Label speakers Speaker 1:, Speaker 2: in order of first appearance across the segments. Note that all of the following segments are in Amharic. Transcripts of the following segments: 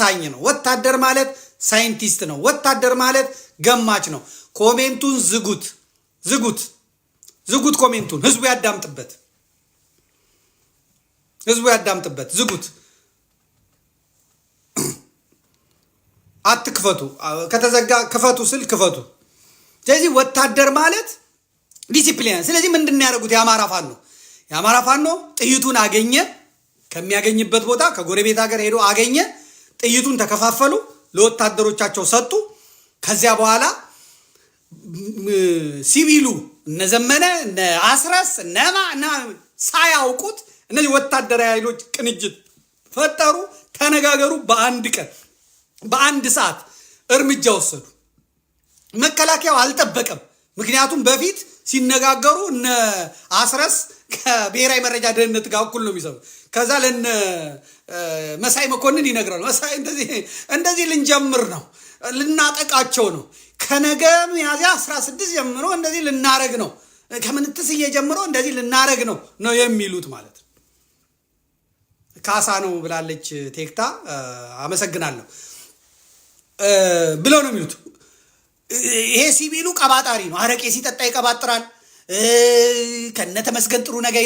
Speaker 1: ፈታኝ ነው። ወታደር ማለት ሳይንቲስት ነው። ወታደር ማለት ገማች ነው። ኮሜንቱን ዝጉት፣ ዝጉት፣ ዝጉት። ኮሜንቱን ህዝቡ ያዳምጥበት፣ ህዝቡ ያዳምጥበት። ዝጉት፣ አትክፈቱ። ከተዘጋ ክፈቱ ስል ክፈቱ። ስለዚህ ወታደር ማለት ዲሲፕሊን። ስለዚህ ምንድን ነው ያደረጉት? የአማራ ፋኖ የአማራ ፋኖ ጥይቱን አገኘ ከሚያገኝበት ቦታ ከጎረቤት ሀገር ሄዶ አገኘ። ጥይቱን ተከፋፈሉ፣ ለወታደሮቻቸው ሰጡ። ከዚያ በኋላ ሲቪሉ እነዘመነ እነ አስረስ እነማ እና ሳያውቁት እነዚህ ወታደራዊ ኃይሎች ቅንጅት ፈጠሩ። ተነጋገሩ። በአንድ ቀን በአንድ ሰዓት እርምጃ ወሰዱ። መከላከያው አልጠበቀም። ምክንያቱም በፊት ሲነጋገሩ እነ አስረስ ከብሔራዊ መረጃ ደህንነት ጋር እኩል ነው የሚሰሩ ከዛ ለነ መሳይ መኮንን ይነግራል። መሳይ እንደዚህ ልንጀምር ነው፣ ልናጠቃቸው ነው፣ ከነገ ሚያዝያ 16 ጀምሮ እንደዚህ ልናረግ ነው፣ ከምንትስዬ ጀምሮ እንደዚህ ልናረግ ነው ነው የሚሉት ማለት ነው። ካሳ ነው ብላለች ቴክታ። አመሰግናለሁ ብለው ነው የሚሉት ይሄ ሲቪሉ ቀባጣሪ ነው። አረቄ ሲጠጣ ይቀባጥራል። ከነ ተመስገን ጥሩ ነገር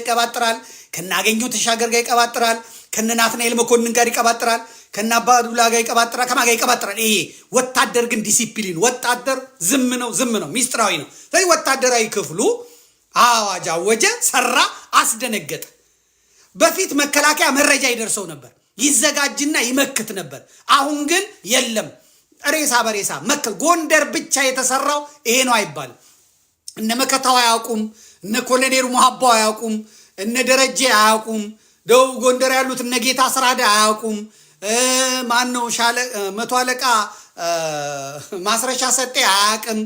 Speaker 1: ይቀባጥራል። ከነ ተሻገር ጋር ይቀባጥራል። ከነ ናትናኤል መኮንን ጋር ይቀባጥራል። ከነ አባዱላ ጋር ይቀባጥራል። ከማ ጋር ይቀባጥራል? ይሄ ወታደር ግን ዲሲፕሊን ወታደር ዝም ነው፣ ዝም ነው፣ ሚስጥራዊ ነው። ስለዚህ ወታደራዊ ክፍሉ አዋጅ አወጀ፣ ሰራ፣ አስደነገጠ። በፊት መከላከያ መረጃ ይደርሰው ነበር፣ ይዘጋጅና ይመክት ነበር። አሁን ግን የለም ሬሳ በሬሳ መከ ጎንደር ብቻ የተሰራው ይሄ ነው አይባል። እነ መከታው አያውቁም፣ እነ ኮሎኔሉ መሀባው አያውቁም፣ እነ ደረጀ አያውቁም። ደቡብ ጎንደር ያሉት እነ ጌታ ስራዳ አያውቁም። ማን ነው ሻለ መቶ አለቃ ማስረሻ ሰጤ አያውቅም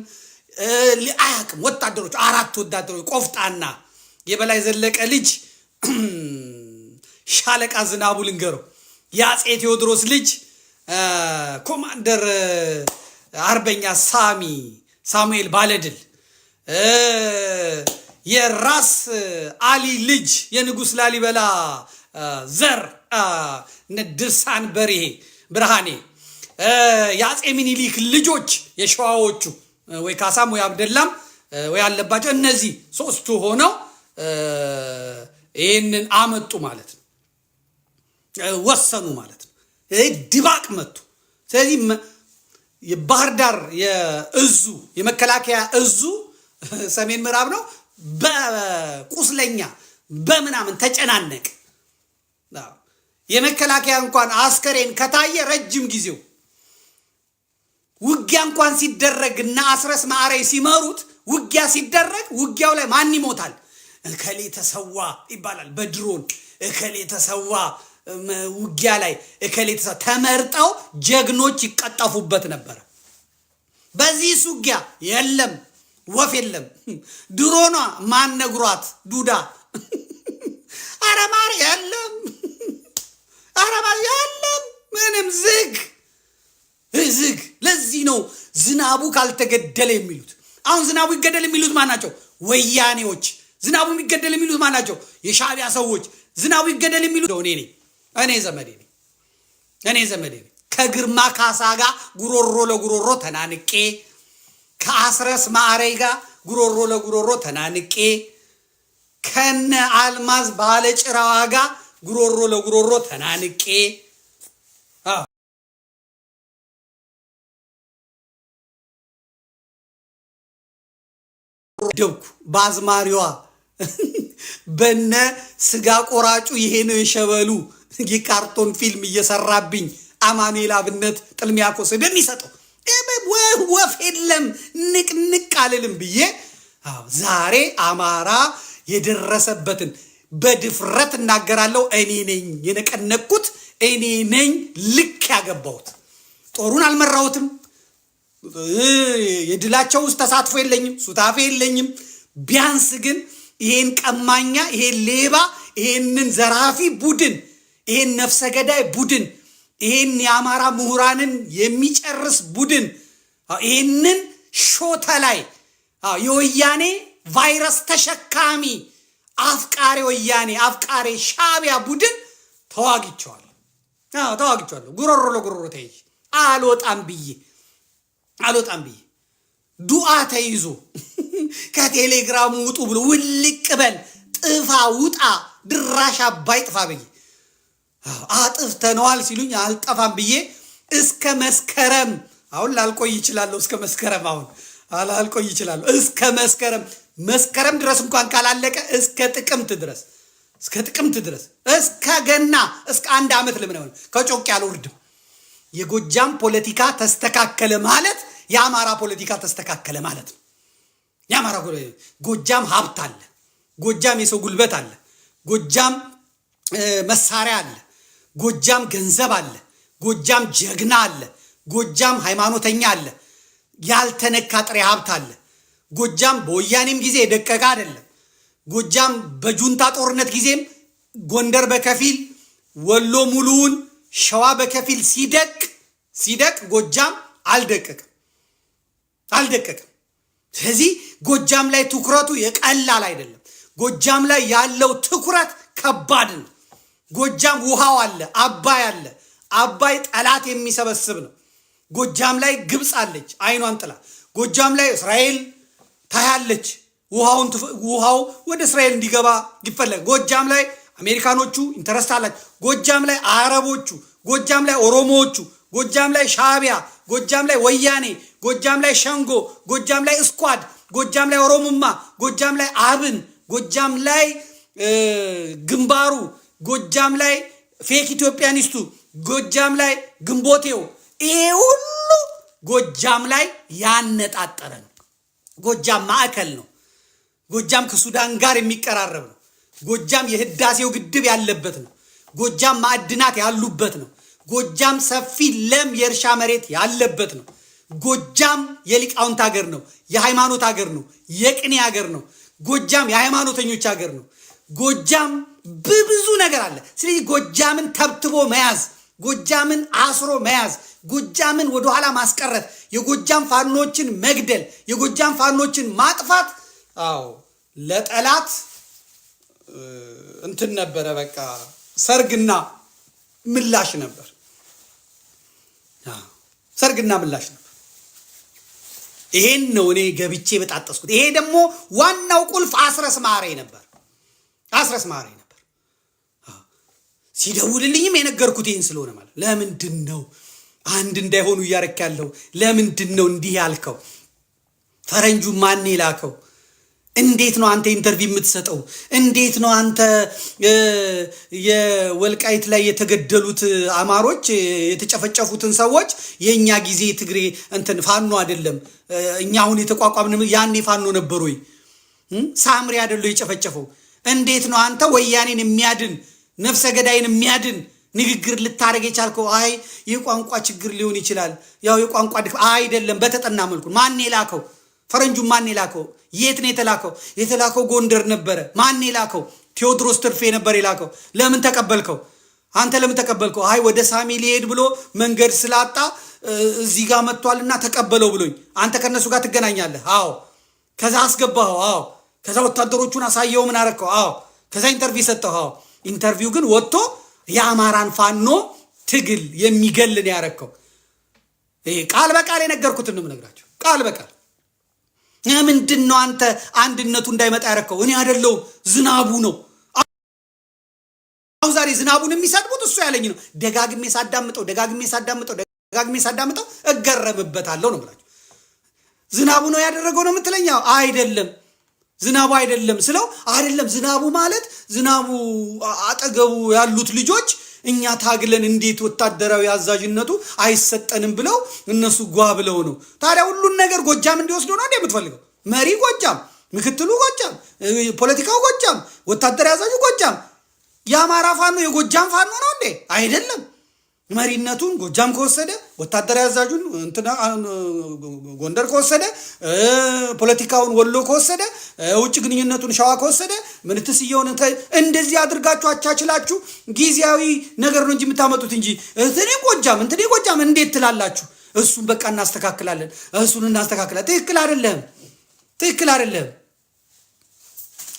Speaker 1: አያውቅም። ወታደሮች አራት ወታደሮች ቆፍጣና የበላይ ዘለቀ ልጅ ሻለቃ ዝናቡ ልንገረው የአፄ ቴዎድሮስ ልጅ ኮማንደር አርበኛ ሳሚ ሳሙኤል ባለድል የራስ አሊ ልጅ የንጉስ ላሊበላ ዘር ድርሳን በርሄ ብርሃኔ የአፄ ሚኒሊክ ልጆች የሸዋዎቹ ወይ ካሳም ወይ አብደላም ወይ አለባቸው እነዚህ ሶስቱ ሆነው ይህንን አመጡ ማለት ነው፣ ወሰኑ ማለት ነው። ድባቅ መቱ። ስለዚህ የባህር ዳር የእዙ የመከላከያ እዙ ሰሜን ምዕራብ ነው። በቁስለኛ በምናምን ተጨናነቅ። የመከላከያ እንኳን አስከሬን ከታየ ረጅም ጊዜው ውጊያ እንኳን ሲደረግ እና አስረስ ማዕረይ ሲመሩት ውጊያ ሲደረግ ውጊያው ላይ ማን ይሞታል? እከሌ ተሰዋ ይባላል። በድሮን እከሌ ተሰዋ ውጊያ ላይ እከሌ ተመርጠው ጀግኖች ይቀጠፉበት ነበረ። በዚህ ውጊያ የለም ወፍ የለም። ድሮኗ ማን ነግሯት ዱዳ አረማር የለም አረማር የለም ምንም ዝግ ዝግ። ለዚህ ነው ዝናቡ ካልተገደለ የሚሉት። አሁን ዝናቡ ይገደል የሚሉት ማን ናቸው? ወያኔዎች። ዝናቡ የሚገደል የሚሉት ማን ናቸው? የሻዕቢያ ሰዎች። ዝናቡ ይገደል የሚሉት እኔ ነኝ። እኔ ዘመዴ ነኝ እኔ ዘመዴ ነኝ። ከግርማ ካሳ ጋር ጉሮሮ ለጉሮሮ ተናንቄ ከአስረስ ማዕረይ ጋር ጉሮሮ ለጉሮሮ ተናንቄ ከነ አልማዝ ባለ ጭራዋ ጋር ጉሮሮ ለጉሮሮ ተናንቄ ደብኩ በአዝማሪዋ በነ ስጋ ቆራጩ ይሄ ነው የሸበሉ የካርቶን ፊልም እየሰራብኝ አማኑኤል አብነት ጥልሚያኮስ እንደሚሰጠው ወፍ የለም ንቅንቅ አልልም ብዬ ዛሬ አማራ የደረሰበትን በድፍረት እናገራለሁ። እኔ ነኝ የነቀነቅኩት፣ እኔ ነኝ ልክ ያገባሁት። ጦሩን አልመራሁትም። የድላቸው ውስጥ ተሳትፎ የለኝም፣ ሱታፌ የለኝም። ቢያንስ ግን ይሄን ቀማኛ፣ ይሄን ሌባ፣ ይሄንን ዘራፊ ቡድን ይህን ነፍሰ ገዳይ ቡድን ይህን የአማራ ምሁራንን የሚጨርስ ቡድን ይህንን ሾተ ላይ የወያኔ ቫይረስ ተሸካሚ አፍቃሪ ወያኔ አፍቃሪ ሻቢያ ቡድን ተዋግቸዋለሁ ተዋግቸዋለሁ። ጉሮሮ ለጉሮሮ ተይ አልወጣም ብዬ አልወጣም ብዬ ዱዓ ተይዞ ከቴሌግራሙ ውጡ ብሎ ውልቅ በል ጥፋ ውጣ ድራሽ አባይ ጥፋ ብዬ አጥፍተነዋል ሲሉኝ አልጠፋም ብዬ እስከ መስከረም አሁን ላልቆይ ይችላለሁ። እስከ መስከረም አሁን አላልቆይ ይችላለሁ። እስከ መስከረም መስከረም ድረስ እንኳን ካላለቀ እስከ ጥቅምት ድረስ እስከ ጥቅምት ድረስ እስከ ገና እስከ አንድ ዓመት ለምን ሆነ ከጮቄ አልወርድም። የጎጃም ፖለቲካ ተስተካከለ ማለት የአማራ ፖለቲካ ተስተካከለ ማለት ነው። የአማራ ጎጃም ሀብት አለ። ጎጃም የሰው ጉልበት አለ። ጎጃም መሳሪያ አለ። ጎጃም ገንዘብ አለ፣ ጎጃም ጀግና አለ፣ ጎጃም ሃይማኖተኛ አለ፣ ያልተነካ ጥሬ ሀብት አለ። ጎጃም በወያኔም ጊዜ የደቀቀ አይደለም። ጎጃም በጁንታ ጦርነት ጊዜም ጎንደር በከፊል ወሎ ሙሉውን ሸዋ በከፊል ሲደቅ ሲደቅ ጎጃም አልደቀቅም አልደቀቅም። ስለዚህ ጎጃም ላይ ትኩረቱ የቀላል አይደለም። ጎጃም ላይ ያለው ትኩረት ከባድ ነው። ጎጃም ውሃው አለ፣ አባይ አለ። አባይ ጠላት የሚሰበስብ ነው። ጎጃም ላይ ግብፅ አለች አይኗን ጥላ። ጎጃም ላይ እስራኤል ታያለች። ውሃው ወደ እስራኤል እንዲገባ ይፈለግ። ጎጃም ላይ አሜሪካኖቹ ኢንተረስት አላቸው። ጎጃም ላይ አረቦቹ፣ ጎጃም ላይ ኦሮሞዎቹ፣ ጎጃም ላይ ሻቢያ ጎጃም ላይ ወያኔ፣ ጎጃም ላይ ሸንጎ፣ ጎጃም ላይ እስኳድ፣ ጎጃም ላይ ኦሮሙማ፣ ጎጃም ላይ አብን፣ ጎጃም ላይ ግንባሩ ጎጃም ላይ ፌክ ኢትዮጵያኒስቱ፣ ጎጃም ላይ ግንቦቴው፣ ይሄ ሁሉ ጎጃም ላይ ያነጣጠረ ነው። ጎጃም ማዕከል ነው። ጎጃም ከሱዳን ጋር የሚቀራረብ ነው። ጎጃም የህዳሴው ግድብ ያለበት ነው። ጎጃም ማዕድናት ያሉበት ነው። ጎጃም ሰፊ ለም የእርሻ መሬት ያለበት ነው። ጎጃም የሊቃውንት ሀገር ነው። የሃይማኖት ሀገር ነው። የቅኔ ሀገር ነው። ጎጃም የሃይማኖተኞች ሀገር ነው። ጎጃም ብዙ ነገር አለ። ስለዚህ ጎጃምን ተብትቦ መያዝ፣ ጎጃምን አስሮ መያዝ፣ ጎጃምን ወደኋላ ማስቀረት፣ የጎጃም ፋኖችን መግደል፣ የጎጃም ፋኖችን ማጥፋት፣ አዎ ለጠላት እንትን ነበረ። በቃ ሰርግና ምላሽ ነበር። ሰርግና ምላሽ ነበር። ይሄን ነው እኔ ገብቼ በጣጠስኩት። ይሄ ደግሞ ዋናው ቁልፍ አስረስ ማሬ ነበር። አስረስ ማሬ ነበር። ሲደውልልኝም የነገርኩት ይህን ስለሆነ ማለት ለምንድን ነው አንድ እንዳይሆኑ እያረክ ያለው? ለምንድን ነው እንዲህ ያልከው? ፈረንጁ ማን ላከው? እንዴት ነው አንተ ኢንተርቪው የምትሰጠው? እንዴት ነው አንተ የወልቃይት ላይ የተገደሉት አማሮች የተጨፈጨፉትን ሰዎች የእኛ ጊዜ ትግሬ እንትን ፋኖ አይደለም እኛ አሁን የተቋቋምን ያኔ ፋኖ ነበሩ ወይ ሳምሪ አይደለ የጨፈጨፈው? እንዴት ነው አንተ ወያኔን የሚያድን ነፍሰ ገዳይን የሚያድን ንግግር ልታደረግ የቻልከው አይ የቋንቋ ችግር ሊሆን ይችላል። ያው የቋንቋ ድክ አይደለም። በተጠና መልኩ ማን የላከው? ፈረንጁ ማን የላከው? የት ነው የተላከው? የተላከው ጎንደር ነበረ። ማን የላከው? ቴዎድሮስ ትርፌ ነበር የላከው። ለምን ተቀበልከው? አንተ ለምን ተቀበልከው? አይ ወደ ሳሚ ሊሄድ ብሎ መንገድ ስላጣ እዚህ ጋር መጥቷልና ተቀበለው ብሎኝ። አንተ ከእነሱ ጋር ትገናኛለህ። አዎ። ከዛ አስገባኸው። አዎ። ከዛ ወታደሮቹን አሳየው። ምን አረግከው? አዎ። ከዛ ኢንተርቪው ሰጠኸው። አዎ ኢንተርቪው ግን ወጥቶ የአማራን ፋኖ ትግል የሚገልን ያረከው ቃል በቃል የነገርኩትን ነው የምነግራቸው። ቃል በቃል ምንድን ነው አንተ አንድነቱ እንዳይመጣ ያረከው? እኔ አይደለሁም ዝናቡ ነው። አሁን ዛሬ ዝናቡን የሚሰድቡት እሱ ያለኝ ነው። ደጋግሜ ሳዳምጠው ደጋግሜ ሳዳምጠው ደጋግሜ ሳዳምጠው እገረምበታለሁ ነው የምላቸው። ዝናቡ ነው ያደረገው ነው የምትለኝ? አይደለም ዝናቡ አይደለም ስለው አይደለም ዝናቡ ማለት ዝናቡ አጠገቡ ያሉት ልጆች እኛ ታግለን እንዴት ወታደራዊ አዛዥነቱ አይሰጠንም ብለው እነሱ ጓ ብለው ነው። ታዲያ ሁሉን ነገር ጎጃም እንዲወስዱ ነው የምትፈልገው? መሪ ጎጃም፣ ምክትሉ ጎጃም፣ ፖለቲካው ጎጃም፣ ወታደራዊ አዛዡ ጎጃም። የአማራ ፋኖ የጎጃም ፋኖ ነው እንዴ? አይደለም። መሪነቱን ጎጃም ከወሰደ ወታደራዊ አዛዡን እንትና ጎንደር ከወሰደ ፖለቲካውን ወሎ ከወሰደ ውጭ ግንኙነቱን ሸዋ ከወሰደ ምንትስ እየሆነ እንደዚህ አድርጋችሁ አቻችላችሁ ጊዜያዊ ነገር ነው እንጂ የምታመጡት እንጂ እንትኔ ጎጃም እንትኔ ጎጃም እንዴት ትላላችሁ? እሱን በቃ እናስተካክላለን፣ እሱን እናስተካክላለን። ትክክል አይደለም፣ ትክክል አይደለም።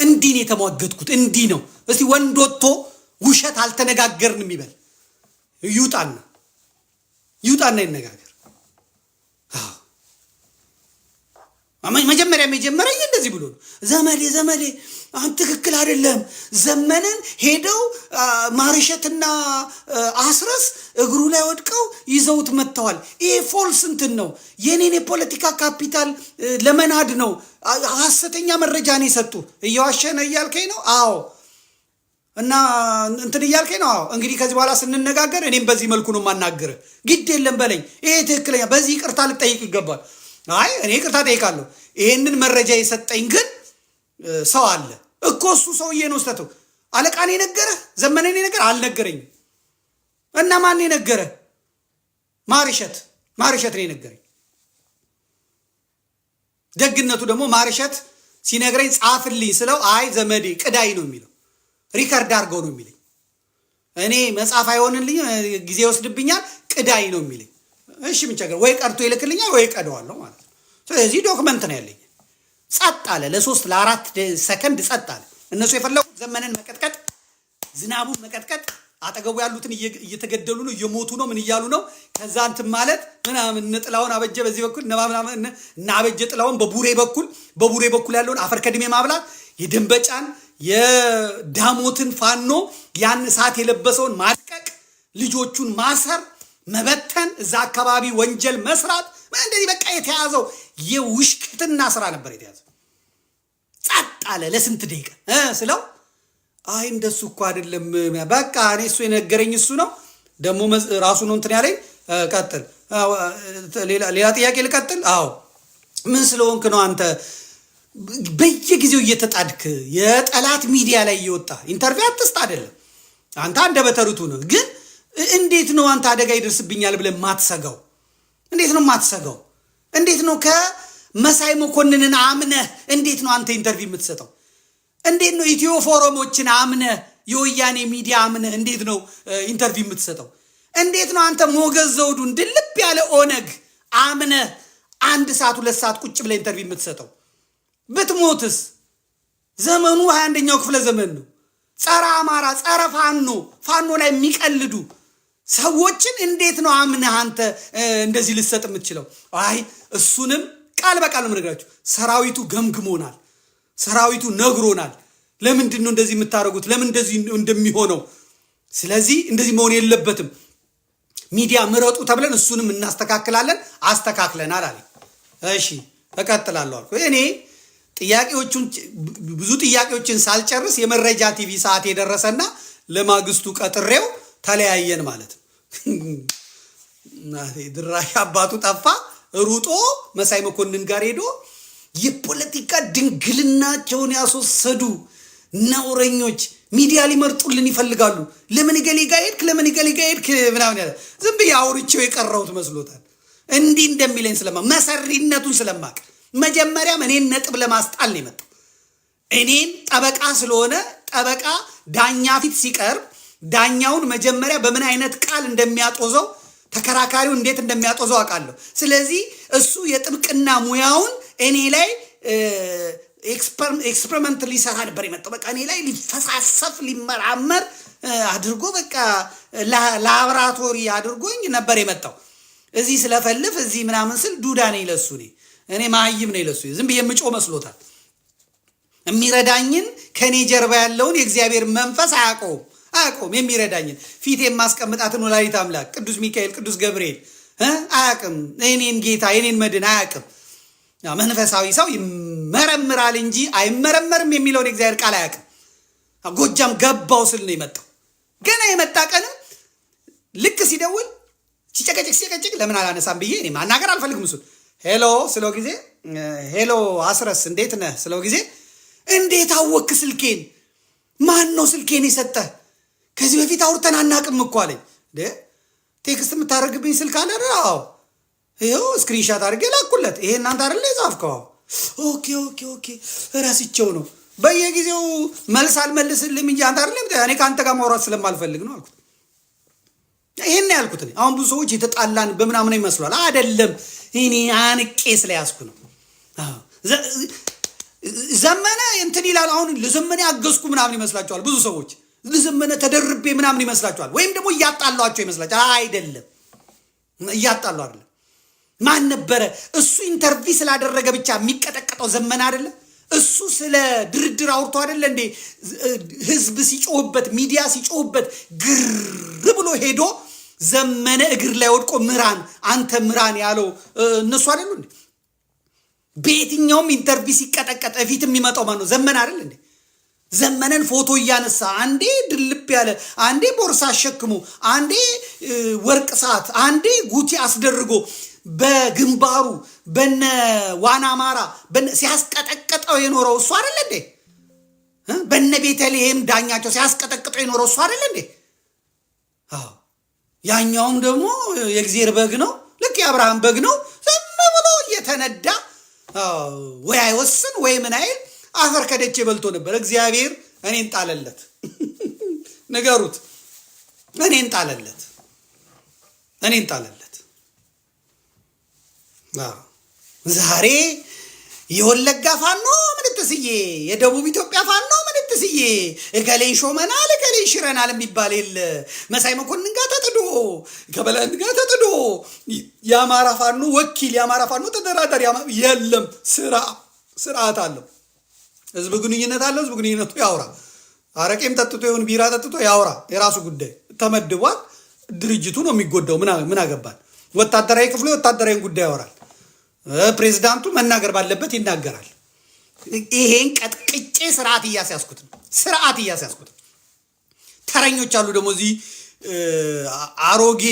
Speaker 1: እንዲህ ነው የተሟገጥኩት፣ እንዲህ ነው። እስቲ ወንድ ወጥቶ ውሸት አልተነጋገርንም ይበል። ይውጣና ይውጣና ይነጋገር። መጀመሪያም የጀመረኝ እንደዚህ ብሎ ዘመዴ ዘመዴ አሁን ትክክል አይደለም። ዘመንን ሄደው ማርሸትና አስረስ እግሩ ላይ ወድቀው ይዘውት መጥተዋል። ይሄ ፎልስ እንትን ነው፣ የኔን የፖለቲካ ካፒታል ለመናድ ነው። ሀሰተኛ መረጃ ነው የሰጡ። እየዋሸነ እያልከኝ ነው? አዎ እና እንትን እያልከኝ ነው። እንግዲህ ከዚህ በኋላ ስንነጋገር እኔም በዚህ መልኩ ነው የማናገር። ግድ የለም በለኝ። ይሄ ትክክለኛ በዚህ ቅርታ ልጠይቅ ይገባል። አይ እኔ ቅርታ ጠይቃለሁ። ይሄንን መረጃ የሰጠኝ ግን ሰው አለ እኮ እሱ ሰውዬ ነው ስተተው አለቃን የነገረ ዘመነን የነገረህ አልነገረኝም። እና ማን የነገረ? ማርሸት ማርሸት ነው የነገረኝ። ደግነቱ ደግሞ ማርሸት ሲነግረኝ ጻፍልኝ ስለው አይ ዘመዴ ቅዳይ ነው የሚለው ሪከርድ አድርገው ነው የሚለኝ። እኔ መጽሐፍ አይሆንልኝ ጊዜ ይወስድብኛል፣ ቅዳይ ነው የሚለኝ። እሺ ምን ቸገር፣ ወይ ቀድቶ ይልክልኛል ወይ ቀደዋለሁ ማለት ነው። ስለዚህ ዶክመንት ነው ያለኝ። ጸጥ አለ ለሶስት ለአራት ሰከንድ ጸጥ አለ። እነሱ የፈለጉት ዘመንን መቀጥቀጥ፣ ዝናቡን መቀጥቀጥ፣ አጠገቡ ያሉትን እየተገደሉ ነው እየሞቱ ነው ምን እያሉ ነው። ከዛ እንትን ማለት ምናምን እነ ጥላውን አበጀ በዚህ በኩል እና አበጀ ጥላውን በቡሬ በኩል በቡሬ በኩል ያለውን አፈር ከድሜ ማብላት የደንበጫን የዳሞትን ፋኖ ያን ሰዓት የለበሰውን ማድቀቅ፣ ልጆቹን ማሰር፣ መበተን፣ እዛ አካባቢ ወንጀል መስራት እንደዚህ በቃ የተያዘው የውሽቅትና ስራ ነበር የተያዘው። ጸጥ አለ ለስንት ደቂቃ ስለው አይ እንደሱ እኮ አይደለም። በቃ እኔ እሱ የነገረኝ እሱ ነው። ደግሞ ራሱ ነው እንትን ያለኝ። ቀጥል፣ ሌላ ጥያቄ ልቀጥል? አዎ ምን ስለሆንክ ነው አንተ በየጊዜው እየተጣድክ የጠላት ሚዲያ ላይ እየወጣ ኢንተርቪው አትስጥ አይደለም። አንተ አንደ በተሩቱ ነው፣ ግን እንዴት ነው አንተ አደጋ ይደርስብኛል ብለን ማትሰጋው? እንዴት ነው ማትሰጋው? እንዴት ነው ከመሳይ መኮንንን አምነህ እንዴት ነው አንተ ኢንተርቪው የምትሰጠው? እንዴት ነው ኢትዮ ፎረሞችን አምነህ የወያኔ ሚዲያ አምነህ እንዴት ነው ኢንተርቪው የምትሰጠው? እንዴት ነው አንተ ሞገዝ ዘውዱን ድልብ ያለ ኦነግ አምነህ አንድ ሰዓት ሁለት ሰዓት ቁጭ ብለህ ኢንተርቪው የምትሰጠው? ብትሞትስ? ዘመኑ ሀያ አንደኛው ክፍለ ዘመን ነው። ጸረ አማራ፣ ጸረ ፋኖ፣ ፋኖ ላይ የሚቀልዱ ሰዎችን እንዴት ነው አምነህ አንተ እንደዚህ ልሰጥ የምትችለው? አይ እሱንም ቃል በቃል ነው የምነግራችሁ። ሰራዊቱ ገምግሞናል፣ ሰራዊቱ ነግሮናል። ለምንድን ነው እንደዚህ የምታደርጉት? ለምን እንደዚህ እንደሚሆነው? ስለዚህ እንደዚህ መሆን የለበትም። ሚዲያ ምረጡ ተብለን እሱንም እናስተካክላለን፣ አስተካክለናል አለ። እሺ እቀጥላለሁ አልኩ እኔ ጥያቄዎቹን ብዙ ጥያቄዎችን ሳልጨርስ የመረጃ ቲቪ ሰዓት የደረሰና ለማግስቱ ቀጥሬው ተለያየን ማለት ነው። ድራሽ አባቱ ጠፋ። ሩጦ መሳይ መኮንን ጋር ሄዶ የፖለቲካ ድንግልናቸውን ያስወሰዱ ነውረኞች ሚዲያ ሊመርጡልን ይፈልጋሉ። ለምን ገሌ ጋ ሄድክ? ለምን ገሌ ጋ ሄድክ? ምናምን ያለ ዝም ብዬ አውርቼው የቀረሁት መስሎታል። እንዲህ እንደሚለኝ ስለማ መሰሪነቱን ስለማቅ መጀመሪያም እኔን ነጥብ ለማስጣል ነው የመጣው። እኔን ጠበቃ ስለሆነ ጠበቃ ዳኛ ፊት ሲቀርብ ዳኛውን መጀመሪያ በምን አይነት ቃል እንደሚያጦዘው ተከራካሪው እንዴት እንደሚያጦዘው አውቃለሁ። ስለዚህ እሱ የጥብቅና ሙያውን እኔ ላይ ኤክስፐሪመንት ሊሰራ ነበር የመጣው። በቃ እኔ ላይ ሊፈሳሰፍ ሊመራመር አድርጎ በቃ ላብራቶሪ አድርጎኝ ነበር የመጣው። እዚህ ስለፈልፍ እዚህ ምናምን ስል ዱዳ ነኝ ለሱ እኔ እኔ ማህይም ነው ይለሱ ዝም ብዬ የምጮ መስሎታል። የሚረዳኝን ከእኔ ጀርባ ያለውን የእግዚአብሔር መንፈስ አያውቀውም አያውቀውም። የሚረዳኝን ፊት የማስቀምጣትን ወላዲት አምላክ ቅዱስ ሚካኤል፣ ቅዱስ ገብርኤል አያውቅም። እኔን ጌታ የኔን መድን አያውቅም። መንፈሳዊ ሰው ይመረምራል እንጂ አይመረመርም የሚለውን የእግዚአብሔር ቃል አያውቅም። ጎጃም ገባው ስል ነው የመጣው። ገና የመጣ ቀንም ልክ ሲደውል ሲጨቀጭቅ ሲጨቀጭቅ ለምን አላነሳም ብዬ እኔ ማናገር አልፈልግም እሱን ሄሎ ስለው ጊዜ ሄሎ አስረስ እንዴት ነህ ስለው ጊዜ እንዴት አወክ ስልኬን? ማን ነው ስልኬን የሰጠህ? ከዚህ በፊት አውርተን አናቅም እኮ አለኝ። ቴክስት የምታደርግብኝ ስልክ አለ? አዎ ይኸው ስክሪንሻት አድርጌ ላኩለት። ይሄ እናንተ አይደለ የጻፍከው? ኦኬ ኦኬ ኦኬ እረስቸው ነው። በየጊዜው መልስ አልመልስልም እንጂ አንተ አይደለ እኔ ከአንተ ጋር ማውራት ስለማልፈልግ ነው አልኩት። ይሄን ያልኩት እኔ አሁን ብዙ ሰዎች የተጣላን በምናምን ይመስሏል። አይደለም፣ እኔ አንቄ ስለያዝኩ ነው። ዘመነ እንትን ይላል። አሁን ለዘመነ ያገዝኩ ምናምን ይመስላቸዋል ብዙ ሰዎች። ለዘመነ ተደርቤ ምናምን ይመስላቸዋል፣ ወይም ደግሞ እያጣሏቸው ይመስላቸዋል። አይደለም፣ እያጣሉ አይደለም። ማን ነበረ እሱ ኢንተርቪ ስላደረገ ብቻ የሚቀጠቀጠው ዘመነ አይደለም። እሱ ስለ ድርድር አውርቶ አይደለ እንዴ ህዝብ ሲጮህበት፣ ሚዲያ ሲጮህበት ግር ብሎ ሄዶ ዘመነ እግር ላይ ወድቆ ምራን አንተ ምራን ያለው እነሱ አይደሉ እንዴ? በየትኛውም ኢንተርቪ ሲቀጠቀጠ ፊት የሚመጣው ማን ነው? ዘመነ አይደል እንዴ? ዘመነን ፎቶ እያነሳ አንዴ ድልብ ያለ አንዴ ቦርሳ አሸክሞ አንዴ ወርቅ ሰዓት አንዴ ጉቲ አስደርጎ በግንባሩ በነ ዋና አማራ ሲያስቀጠቀጠው የኖረው እሱ አይደለ እንዴ? በነ ቤተልሔም ዳኛቸው ሲያስቀጠቅጠው የኖረው እሱ አይደለ እንዴ? ያኛውም ደግሞ የእግዜር በግ ነው። ልክ የአብርሃም በግ ነው። ዝም ብሎ እየተነዳ ወይ አይወስን ወይ ምን አይል አፈር ከደቼ በልቶ ነበር። እግዚአብሔር እኔን ጣለለት። ንገሩት፣ እኔን ጣለለት፣ እኔን ጣለለት። ዛሬ የወለጋ ፋኖ ምን ትስዬ የደቡብ ኢትዮጵያ ፋኖ ምን ትስዬ እከሌን ሾመናል እከሌን ሽረናል የሚባል የለ። መሳይ መኮንን ጋር ተጥዶ ከበላይነት ጋር ተጥዶ የአማራ ፋኖ ወኪል የአማራ ፋኖ ተደራዳሪ የለም። ስራ ስርዓት አለው። ህዝብ ግንኙነት አለው። ህዝብ ግንኙነቱ ያውራ። አረቄም ጠጥቶ ይሁን ቢራ ጠጥቶ ያውራ። የራሱ ጉዳይ ተመድቧል። ድርጅቱ ነው የሚጎዳው። ምን አገባል? ወታደራዊ ክፍሎ ወታደራዊን ጉዳይ ያወራል። ፕሬዚዳንቱ መናገር ባለበት ይናገራል። ይሄን ቀጥቅጬ ስርዓት እያስያዝኩት ነው። ስርዓት እያስያዝኩት ተረኞች አሉ ደግሞ እዚህ አሮጌ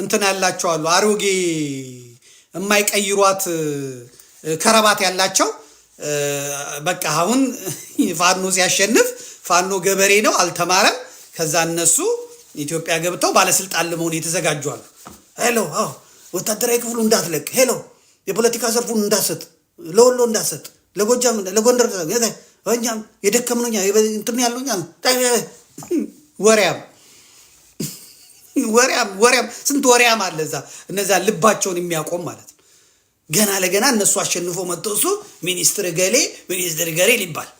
Speaker 1: እንትን ያላቸው አሉ። አሮጌ የማይቀይሯት ከረባት ያላቸው በቃ አሁን ፋኖ ሲያሸንፍ ፋኖ ገበሬ ነው፣ አልተማረም። ከዛ እነሱ ኢትዮጵያ ገብተው ባለስልጣን ለመሆን የተዘጋጁ አሉ። ሄሎ ወታደራዊ ክፍሉ እንዳትለቅ፣ ሄሎ የፖለቲካ ዘርፉን እንዳትሰጥ፣ ለወሎ እንዳትሰጥ ለጎጃም ለጎንደር እኛም የደከምነው እኛ እንትን ያለኛ ወሪያም ወሪያም ወሪያም ስንት ወሪያም አለ እዛ እነዛ ልባቸውን የሚያቆም ማለት ነው። ገና ለገና እነሱ አሸንፎ መጥቶ እሱ ሚኒስትር ገሌ ሚኒስትር ገሌ ይባል